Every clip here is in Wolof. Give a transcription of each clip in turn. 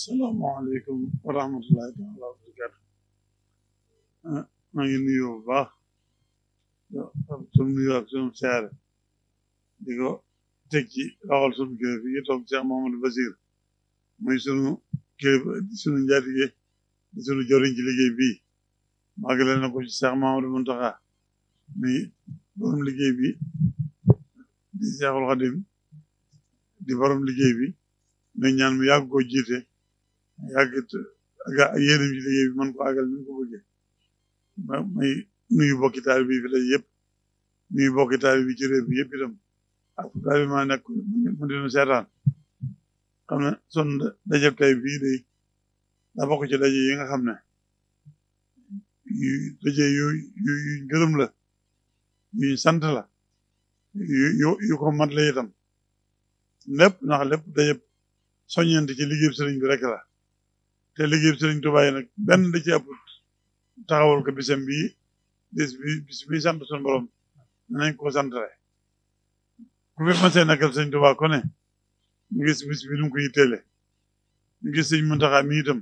asalaamaaleykum wa rahmatullahi taala wa barakatu ah, maa ngi nuyu bu baax suñu nuyu ak suñu siyaare di teg ci waxal suñu kilifa yi toog ci Mamadou Basir muy suñu kilifa suñu njaatige di ci liggéey bi màggale na ko ci Cheikh Mamadou Muntaxa mi borom liggéey bi di Cheikhul Xadim di borom liggéey bi ñu ñaan mu yàgg ko yàgg aga yéenam ci liggéey bi mën ko àggal ni mu ko bëggee may nuyu bokki taali bi fi lay yëpp nuyu bokki taali bi ci bi yëpp ak fu taali ma nekk mu dinu seetaan xam ne son dajab tay bii day daa bokk ci daje yi nga xam ne yu daje yu yu gërëm la yuñ sant la yu yu ko mat la itam lépp ndax lépp dajab soññante ci liggéey sëriñ bi rek la te liggéey Sëriñ Tuubaa yi nag benn da ci ëpp taxawal ko bis bi bis bi sant suñu borom nañ ko sant rek ku fi masee nekkal ko ne ñu gis bis bi nu mu ko yitteele ñu gis Sëriñ Muntaxaa mi itam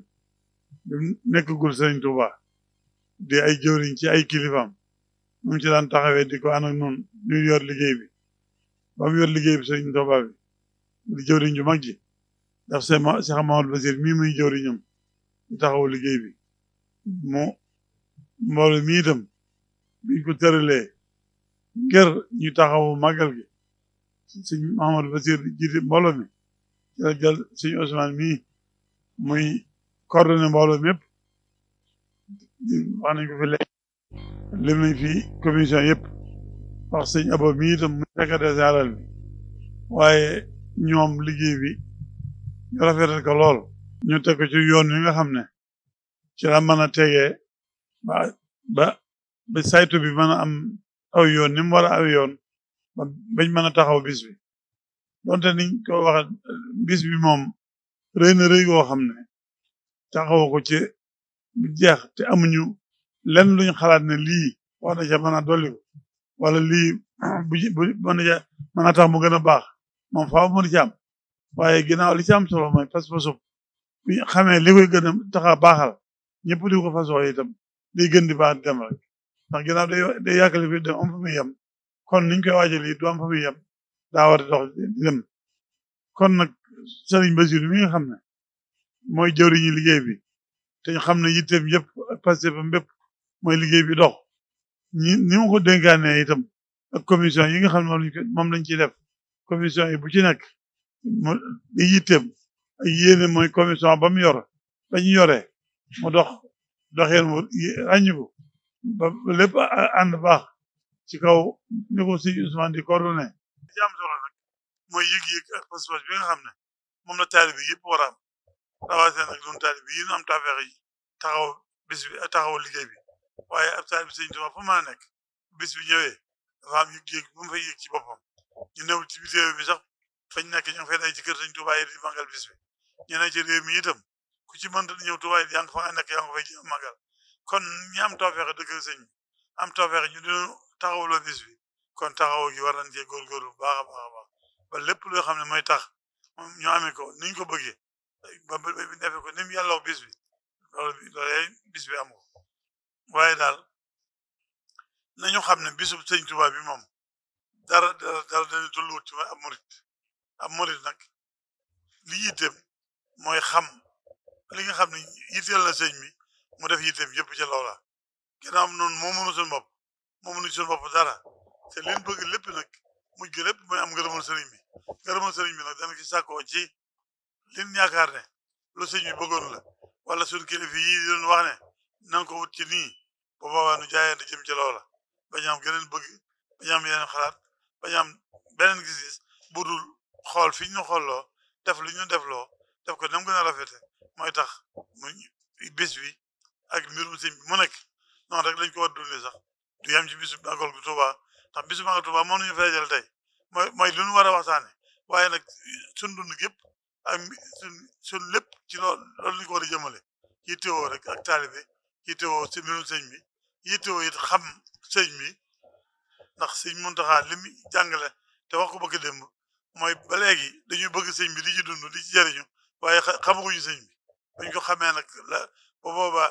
nekk gul Sëriñ Tuubaa di ay jëwriñ ci ay kilifaam mu ci daan taxawe di ko ànd ak yor liggéey bi ba yor liggéey bi Sëriñ Tuubaa bi di jëwriñ ji daf see ma si xamaat muy jëwriñam ñu liggéey bi mu mboolu mi itam biñ ko tëralee ngir ñu taxawu màggal gi sëñ Mahamadou Basir jiite mbooloo mi ci la jël sëñ Ousmane muy coordonné mbooloo mépp wax nañ ko fi léegi lim nañ fi commission yëpp wax sëñ Abo mi itam waaye ñoom liggéey bi ñu rafetal ko lool ñu teg ko ci yoon wi nga xam ne mën a tege ba ba bi mën a am aw yoon ni war a aw yoon ba bañ mën a taxaw bis bi donte niñ ko waxe bis bi moom rëy na rëy goo xam ne taxaw ko ci jeex te amuñu lenn luñ xalaat ne lii wax na ca mën a dolli ko wala lii bu mën a mën a tax mu gën a baax moom faaw mu di ci li ci am solo mooy pas-pasub bi xamee li koy gën a taxa baaxal ñëpp di ko façon itam day gën di baax di dem rek ndax ginnaaw da day yàkkale fi dem am fa muy kon niñ koy waajal yi du am fa muy yem daa war a dox di dem kon nag Sëriñ Basiru mi nga xam ne mooy jëwriñu liggéey bi te xam ne yitteem yëpp passé ba mbépp mooy liggéey bi dox ñi ni mu ko dénkaane itam ak yi nga xam ne moom lañ moom ciy def commission yi bu ci nekk ak yéene mooy commission ba mu yor ba ñu yore mu dox doxeen wu ràññiku ba lépp ànd baax ci kaw ni ko si Ousmane di coordonné ci am solo bi nga xam ne moom la taalibe yëpp war a am rawatina nag ñun taalibe am tafeex yi taxaw bis bi taxaw liggéey bi waaye ab taalibe Sëñ Tuubaa fu mën a nekk bis bi ñëwee dafa am yëg-yëg bu mu fay yëg ci boppam ñu néew ci biir réew mi nekk ñu ci kër Sëñ ñe ne ci réew mi itam ku ci mënta ñëw tuwaay yaa ngi fa nga nekk yaa ngi kon ñi am tawfeex dëgg sëñ bi am tawfeex ñu dina taxawloo bis bi kon taxaw gi war nañ cee góorgóorlu bu baax a baax a baax lépp loo xam ne mooy tax ñu amee ko niñ ko bëggee ba ba defee ko ni mu yàlloo bis bi loolu loolu bis bi am ko waaye daal xam ne bisub sëñ Tuubaa bi moom dara dara dara dañu tulluwut ci mooy ab murit ab murit nag mooy xam li nga xam ni yitteel na sëñ bi mu def yitteem yëpp ca loola ginnaaw am noonu moo mënu suñu bopp moo mënu suñu bopp dara te leen bëgg lépp nag mujj gi lépp mooy am ngërëmal sëriñ bi ngërëmal sëriñ bi nag dana ci sàkkoo ci li yaakaar ne lu sëñ bi la wala suñ kilifa yii doon wax ne nan ko wut ci nii bu boobaa nu jaayee di jëm ca loola bañ am geneen bëgg bañ am yeneen xalaat bañ am gis-gis budul xool fi ñu xooloo def li ñu defloo def ko nam gën a rafete mooy tax mu bés bi ak mbirum sëñ bi mu nekk noonu rek lañ ko war dundee sax du yam ci bisu màggal gu Tuuba ndax bisu màggal Tuuba moom nañu fay jël tey mooy mooy lu ñu war a waxtaane waaye nag sun dund gépp ak sun sun lépp ci lool loolu lañ ko war a jëmale yittewoo rek ak taalibe yittewoo si mbirum sëñ bi yittewoo it xam sëñ bi ndax sëñ Muntaxa li mu jàngale te wax ko bëgg démb mooy ba léegi dañuy bëgg sëñ bi di ci dund di ci waaye xamaguñu sëñ bi buñ ko xamee nag la ba boobaa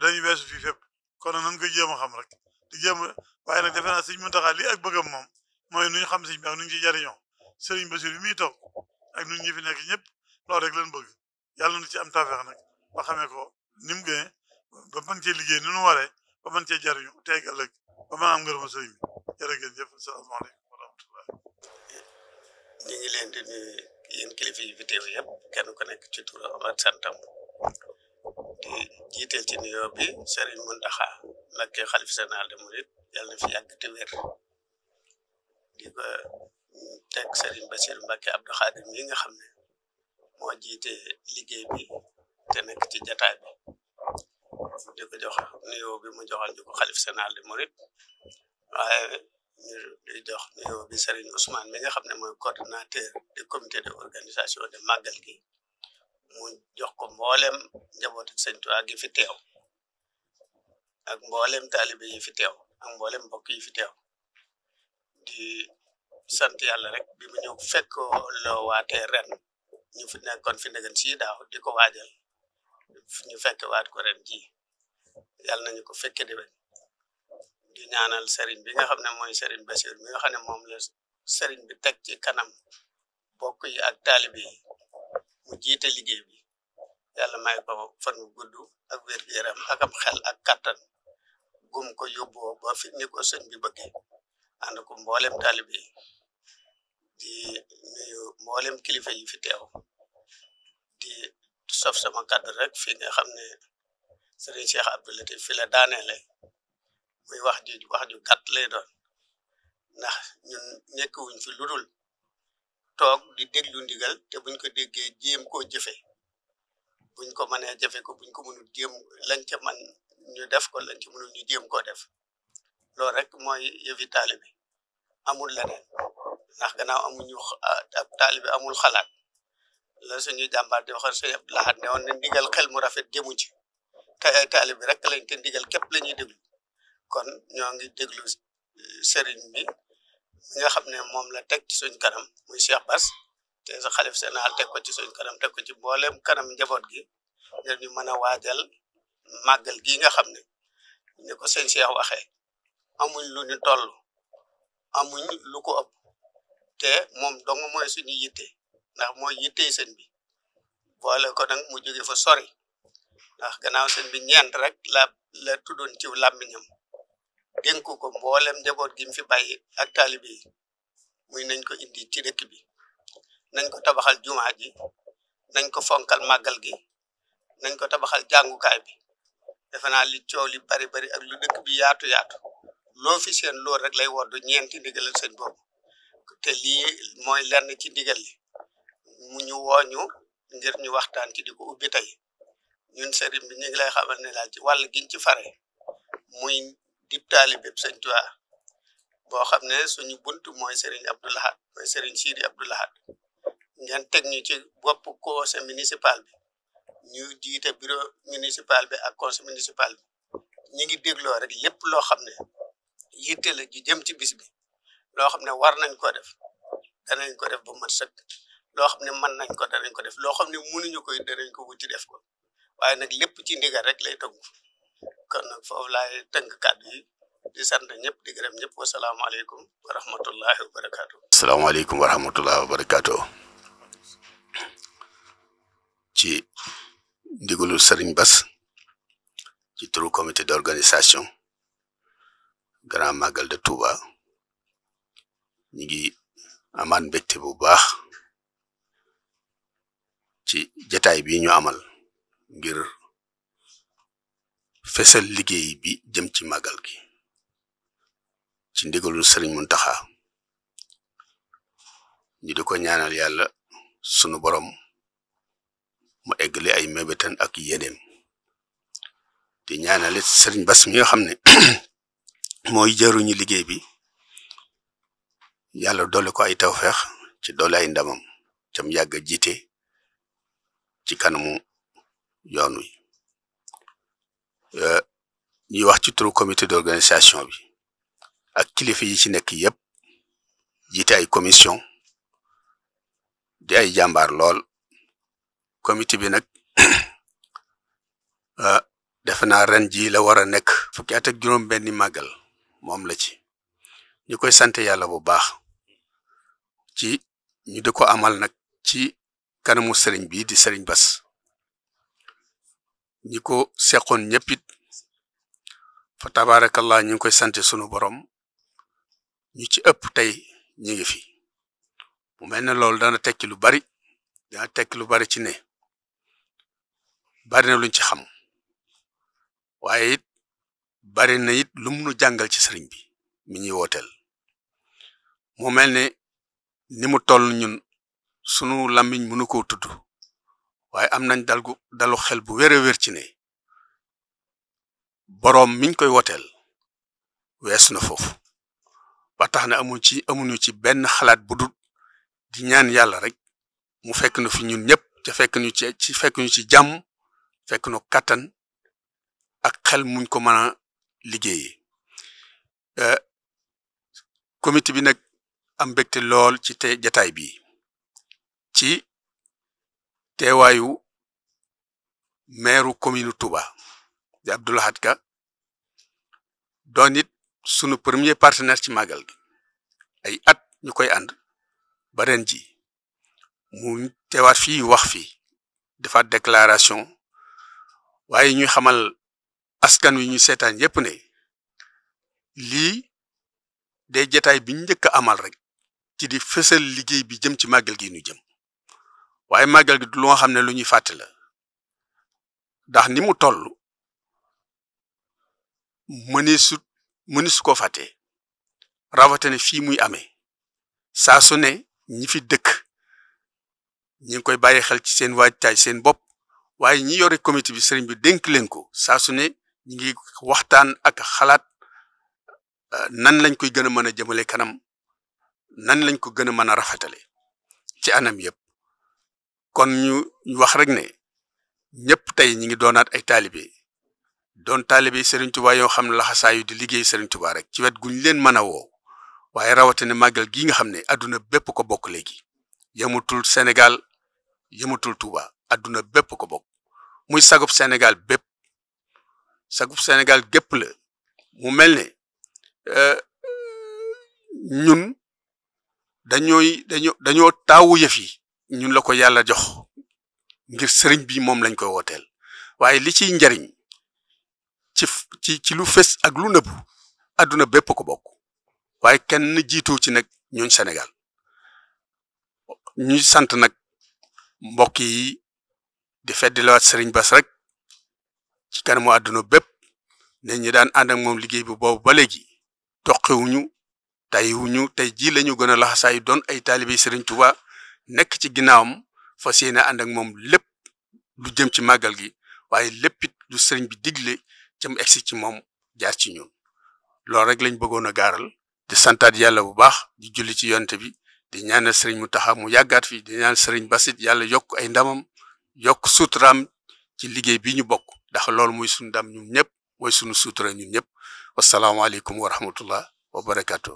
dañuy weesu fii fépp kon nag nañ ko jéem a xam rek di jéem a waaye nag defe naa sëñ Muntaxa lii ak bëggam moom mooy nu ñu xam sëñ bi ak nu ñu ci jariñoo sëriñ Basiir bi muy toog ak ñun ñi fi nekk ñëpp loolu rek lañ bëgg yàlla ci am tawfeex nag ba xamee ko ni mu gënee ba mën cee liggéey ni nu ba mën cee jariñu tey ak ëllëg ba mën a am ngërëma sëriñ bi jërëjëf asalaamaaleykum wa rahmatullah ñu ngi leen yéen kilifa yi fi teew yëpp kenn ku nekk ci turam ak santam di jiiteel ci nuyoo bi Serigne Mountakha Mbacké xalif général des mourides yàlla fi yàgg te wér teg Serigne Bassirou Mbacké Abdou Khadim yi nga xam ne moo jiite liggéey bi te nekk ci jataay bi di ko jox nuyoo bi mu joxal ñu xalif général des mourides waaye di jox nuyoo bi Serigne Ousmane mi nga xam ne mooy coordonnateur du comité de organisation de màggal gi mu jox ko mboolem njaboot ak Sëñ gi fi teew ak mboolem taalibe yi fi teew ak mboolem mbokk yi fi teew di sant yàlla rek bi mu ñëw fekkoo loo waatee ren ñu fi nekkoon fi nekkoon si daaw di ko waajal ñu fekk ko ren ji yàlla nañu ko fekke déwén di ñaanal seriñ bi nga xam ne mooy sëriñ Bachir mi nga xam ne moom la sëriñ bi teg ci kanam bokk ak taalibe yi jiite liggéey bi yàlla may ko fan wu gudd ak wér-gu-yaram ak am xel ak kattan gum ko yóbboo ba fi ni ko sëñ bi bëggee ànd ko mboolem taalibe di nuyu mboolem kilifa yi fi teew di sof sama kàddu rek fi nga xam ne sëriñ Cheikh Abdou Latif fi la daaneele muy wax ju wax ju gàtt lay doon ndax ñun nekk wuñ fi lu dul toog di déglu ndigal te buñ ko déggee jéem koo jëfe buñ ko mënee jëfe ko buñ ko mënul jéem lañ ca man ñu def ko lañ ca mënul ñu jéem koo def loolu rek mooy yëfi taalibi amul leneen ndax gannaaw amuñu ah, ab taalibi amul xalaat la suñu jàmbaar di waxoon sëñ Abdou Lahad ne woon ne ndigal xel mu rafet jëmu ci te ay rek lañ te ndigal képp la ñuy kon ñoo ngi déglu eh, sëriñ bi nga xam ne moom la teg ci suñ kanam muy Cheikh Bass te sa xalif sénaal teg ko ci suñ kanam teg ko ci mboolem kanam njaboot gi ngir ñu mën a waajal màggal gi nga xam ne ni ko sëñ Cheikh waxee amuñ lu ñu toll amuñ lu ko ëpp te moom dong mooy suñu yitte ndax mooy yittey sëñ bi boole ko nag mu jóge fa sori ndax gannaaw sëñ bi ñeent rek la la tuddoon ci làmmiñam dénku ko mboolem njaboot gi mu fi bàyyi ak taalibe yi muy nañ ko indi ci dëkk bi nañ ko tabaxal jumaa ji nañ ko fonkal màggal gi nañ ko tabaxal jàngukaay bi defe naa li coow li bari bari ak lu dëkk bi yaatu yaatu loo fi seen lool rek lay woddu ñeenti ndigalal seen bopp te lii mooy lenn ci ndigal li mu ñu wooñu ngir ñu waxtaan ci di ko ubbi tey ñun sëriñ bi ñu ngi lay xamal ne daal ci wàll giñ ci fare muy dib taalibeb sëñ Tuubaa boo xam ne suñu bunt mooy Serigne Abdou Lahad mooy Serigne Sidi Abdou Lahad ngeen teg ñu ci bopp conseil municipal bi ñu jiite bureau municipal bi ak conseil municipal bi ñu ngi dégloo rek lépp loo xam ne yitte la ju jëm ci bis bi loo xam ne war nañ ko def danañ ko def ba mat sëkk loo xam ne mën nañ ko danañ ko def loo xam ne mënuñu koy danañ ko wuti def ko waaye nag lépp ci ndigal rek lay tënku kon nag foofu laay tënk kàddu di sant ñëpp di gërëm wa rahmatullahi wa barakaatu. asalaamaaleykum wa rahmatullahi wa barakaatu. ci ndigalu Serigne Bass ci turu comité d'organisation grand magal de Touba ñu ngi amaan mbégte bu baax ci jataay bi ñu amal ngir. fesel liggéey bi jëm ci màggal gi ci ndigalul sëriñ Muntaxa ñu di ko ñaanal yàlla sunu borom mu eggale ay mébétan ak yéeneem di ñaanale sëriñ Bas mi nga xam ne mooy jaruñu liggéey bi yàlla doole ko ay tawfeex ci doole ay ndamam cam yàgg jiite ci kanamu yoon Euh, ñuy wax ci turu comité d'organisation bi ak kilifa yi ci nekk yépp jiite ay commission di ay jàmbaar lool comité bi nag euh, defe naa ren ji la war a nekk fukki at ak juróom benni màggal moom la ci ñu koy sant yàlla bu baax ci ñu di ko amal nag ci kanamu sëriñ bi di sëriñ Bas ñi ko seqoon ñëpp it fa tabaarakallah ñu ngi koy sant sunu borom ñu ci ëpp tey ñu fi mu mel ne loolu dana tekki lu bari dana tekki lu bari ci ne bari na luñ ci xam waaye it bari na it lu munu jàngal ci sëriñ bi mi ñuy wooteel mu mel ne ni mu toll ñun sunu làmmiñ mënu koo tudd waaye am nañ dal gu dalu xel bu wér a wér ci ne boroom miñ koy woteel wees na foofu ba tax na amu ci amuñu ci benn xalaat bu dul di ñaan yàlla rek mu fekk na fi ñun ñëpp te fekk ñu ci ci fekk ci jàmm fekk nu kàttan ak xel muñ ko mën a liggéeyee comité bi nag am mbégte lool ci te jataay bi ci teewaayu meeru commune Touba di Abdou Lahad Ka doon it sunu premier partenaire ci màggal gi ay at ñu koy ànd ba ren ji mu teewaat fii wax fii dafa déclaration waaye ñuy xamal askan wi ñu seetaan yépp ne lii day jetaay bi njëkk a amal rek ci di fësal liggéey bi jëm ci màggal gi ñu jëm waaye màggal gi du lu nga xam ne lu ñuy fàtte la ndax ni mu toll mëneesu mëneesu koo fàtte rawatina fii muy amee saa su ne ñi fi dëkk ñi ngi koy bàyyi xel ci seen waajtaay seen bopp waaye ñi yore comité bi sëriñ bi dénk leen ko saa su waxtaan ak xalaat euh, nan lañ koy gën a mën a jëmale kanam nan lañ ko gën a mën a rafetale ci anam yëpp kon ñu wax rek ne ñëpp tey ñi ngi doonaat ay taalibe doon taalibe Serigne Touba yoo xam ne laxasaayu di liggéey Serigne rek ci wet guñ leen mën a woo waaye rawatina màggal gi nga xam ne adduna bépp ko bokk léegi yëmutul Sénégal yëmutul Touba adduna bépp ko bokk muy sagub senegal bépp sagub senegal gépp la mu mel ne euh, ñun dañooy dañoo dañoo taawu yëf yi ñun la ko yàlla jox ngir sëriñ bi moom lañ koy wooteel waaye li ciy njariñ ci ci ci lu fës ak lu nëbbu àdduna bépp ko bokk waaye kenn jiitu ci nag ñooñ senegal ñu sant nag mbokk yi di feddilawaat sëriñ Bass rek ci kanamu àdduna bépp ne ñu daan ànd ak moom liggéey bi boobu ba léegi toqiwuñu tey wuñu tey jii la ñu gën a laxasaayu doon ay taalibe Sëriñ Tuubaa nekk ci ginnaawam fas yéene ànd ak moom lépp lu jëm ci màggal gi waaye lépp du lu sëriñ bi digle jëm egsi ci moom jaar ci ñun loolu rek lañ bëggoon a gaaral di santaat yàlla bu baax di julli ci yonte bi di ñaanal sëriñ Mountakha mu yàggaat fi di ñaanal sëriñ Basit yàlla yokk ay ndamam yokk suuturaam ci liggéey bi ñu bokk ndax loolu mooy suñu ndam ñun ñëpp mooy suñu suutura ñun ñëpp wasalaamaaleykum wa rahmatullah wa barakaatu.